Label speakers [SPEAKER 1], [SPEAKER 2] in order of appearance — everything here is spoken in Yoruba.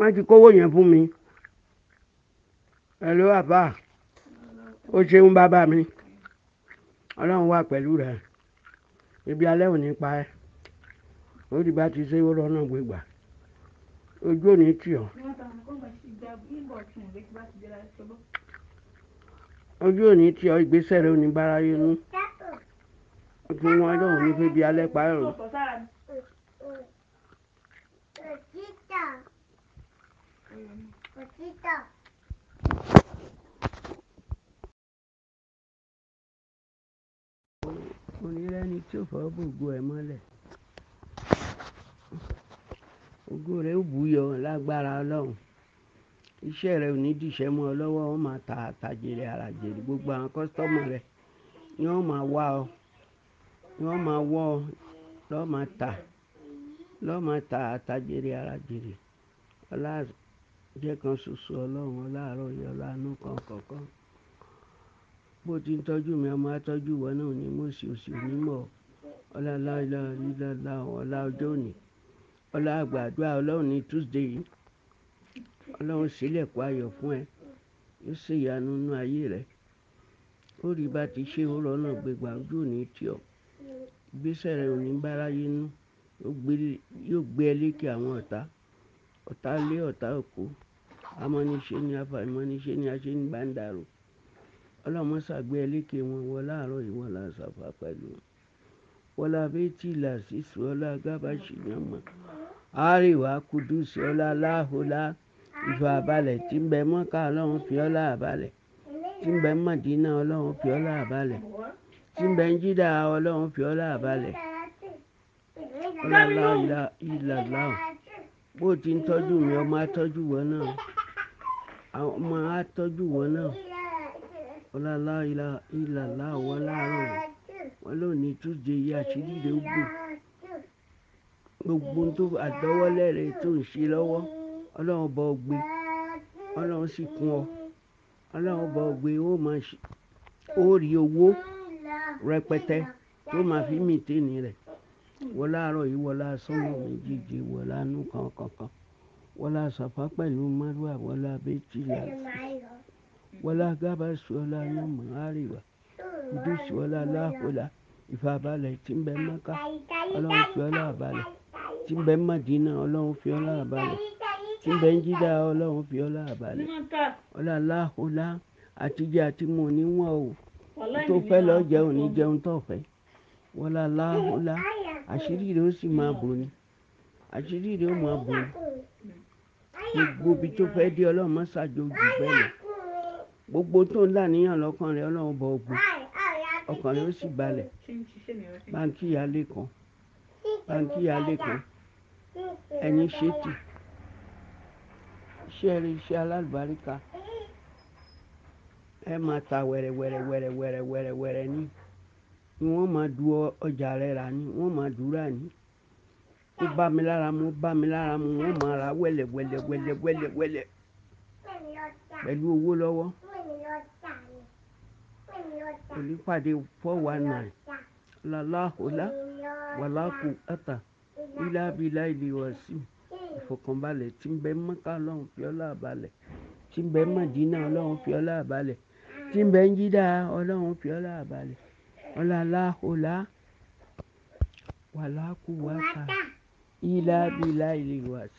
[SPEAKER 1] má ti kówó yẹn fún mi ẹ̀lú àbá ó ṣeun bàbá mi ọlọ́run wà pẹ̀lú rẹ̀ ibi alẹ́ ò ní pa ẹ́ ó ti bá ti ṣe ó rọ́nà gbégbà ojú ò ní tì ọ́ ojú ò ní tì ọ́ ìgbésẹ̀ rẹ̀ ò ní bára yẹnu ó ti wọ́n ní pé ibi alẹ́ pa ẹ̀rùn. ní rẹ́ni tí ò fọ́ bògo ẹ̀ mọ́lẹ̀ ògo rẹ̀ ó bùyọ lágbára ọlọ́run iṣẹ́ rẹ̀ ò ní dìṣẹ́ mọ́ ọ lọ́wọ́ wọn máa ta àtàjèrè àràjèrè gbogbo àwọn kọ́sítọ́mù rẹ̀ ni wọ́n máa wá ọ ni wọ́n máa wọ́ ọ lọ́ọ́ máa ta lọ́ọ́ máa ta àtàjèrè àràjèrè ọlá jẹ́ kan ṣoṣo ọlọ́run ọlá àárọ̀ yẹ ọlá inú kan kọ̀ọ̀kan bó ti ń tọ́jú mi ọmọ atọ́jú ìwọ náà ní mò sí òsì onímọ̀ ọlọ́lá ìlọ́lá ọlá ọjọ́ òní ọlá àgbàdo ọlọ́run ní tuesday yìí ọlọ́run sílẹ̀ kó ayọ̀ fún ẹ yóò ṣe ìyanu inú ayé rẹ ó rí bá ti ṣe òrọ̀ náà gbégbá ojú òní tì ọ́ ìgbésẹ̀ rẹ òní báráyé nú yóò gbé ẹ lékè àwọn ọ̀tá ọ̀tá lé ọ̀tá òkú amọ́niṣe ni afàìmọ́niṣe ni aṣẹ́nigbàǹdarò ọlọ́run ṣàgbé ẹlẹ́kẹ wọn wọ láàárọ̀ ìwọ̀n làṣàfà pẹ̀lú wọlá bẹ́tì làṣìṣù ọlá gábàṣì yànmọ́ àríwá kùdùsì ọlá láhùlá ìfọ̀ àbálẹ̀ tí ń bẹ mọ́ká ọlọ́run fi ọlá àbálẹ̀ tí ń bẹ mọ̀dínà ọlọ́run fi ọlá àbálẹ̀ tí ń bẹ ń jídà ọlọ́run fi ọlá àbálẹ̀ ọlọ́lá ìlàlá bó ti ń tọ́jú mi ọmọ atọ́jú wọn náà ọmọ atọ́jú wọn náà ọlọ́lá ìlàlá wa láàárọ̀ wọn lò ní túnde yìí àṣírí rẹ̀ ó gbò gbogbo tó àdọ́wọ́lẹ̀ rẹ̀ tó ń ṣe lọ́wọ́ ọlọ́run bọ̀ ọ gbé ọlọ́run sì kún ọ ọlọ́run bọ̀ ọ gbé ó máa ṣe ó rí owó rẹpẹtẹ tó máa fi mìtẹ́ni rẹ̀ wọ́n láàárọ̀ yìí wọ́n lásán mọ̀ méjèèjì wọ́n lánú kankan wọ́n lásàfá pẹ̀lú márùwà wọ́n lábẹ́ tìlà wala gabas wala yamma arewa kudus wala lahula ìfàbalẹ̀ tí ń maka mẹ́ka ọlọ́run fi ọlá madina tí ń bẹ mẹ́dínà ọlọ́run fi ọlá àbalẹ̀ tí ń bẹ Ati ọlọ́run fi ọlá àbalẹ̀ ọlá láhùlá àtijọ́ àti mu níwọ̀n o
[SPEAKER 2] tó fẹ́ lọ jẹun ní jẹun
[SPEAKER 1] tó fẹ́ wọlá láhùlá àṣírí rẹ̀ ó sì máa bò àṣírí rẹ̀ ó máa bò gbogbo ibi tó fẹ́ dé ọlọ́run mọ́ṣáájú ojú bẹ́ẹ̀ lọ gbogbo tó ń dàníyàn lọ́kàn rẹ̀ ọlọ́run bọ̀ ògbó ọkàn rẹ̀ ó sì balẹ̀ báńkì ìyáálé kan báńkì ìyáálé kan ẹ̀yin ṣètì iṣẹ́ rí iṣẹ́ alálùbáríkà ẹ máa ta wẹ̀rẹ̀wẹ̀rẹ̀wẹ̀rẹ̀wẹ̀rẹ̀ ní ni wọ́n máa du ọjà rẹ̀ rà ní wọ́n máa dúrà ní ó bá mi lára mu ó bá mi lára mu wọ́n máa ra wẹ̀lẹ̀wẹ̀lẹ̀wẹ̀lẹ̀wẹ̀lẹ̀ pẹ̀lú owó lọ́wọ́ olùpàdé four one nine làlàhùlà wàlàkù ẹ̀tà ìlàbílà ìlìwàsí ìfọ̀kànbalẹ̀ tí ń bẹ mọ́ká ọlọ́run fi ọlá àbálẹ̀ tí ń bẹ mọ̀dínà ọlọ́run fi ọlá àbálẹ̀ tí ń bẹ ń jídà ọlọ́run fi ọlá àbálẹ̀ ọlàlàhùlà wàlàkù wàtà ìlàbílà ìlìwàsí.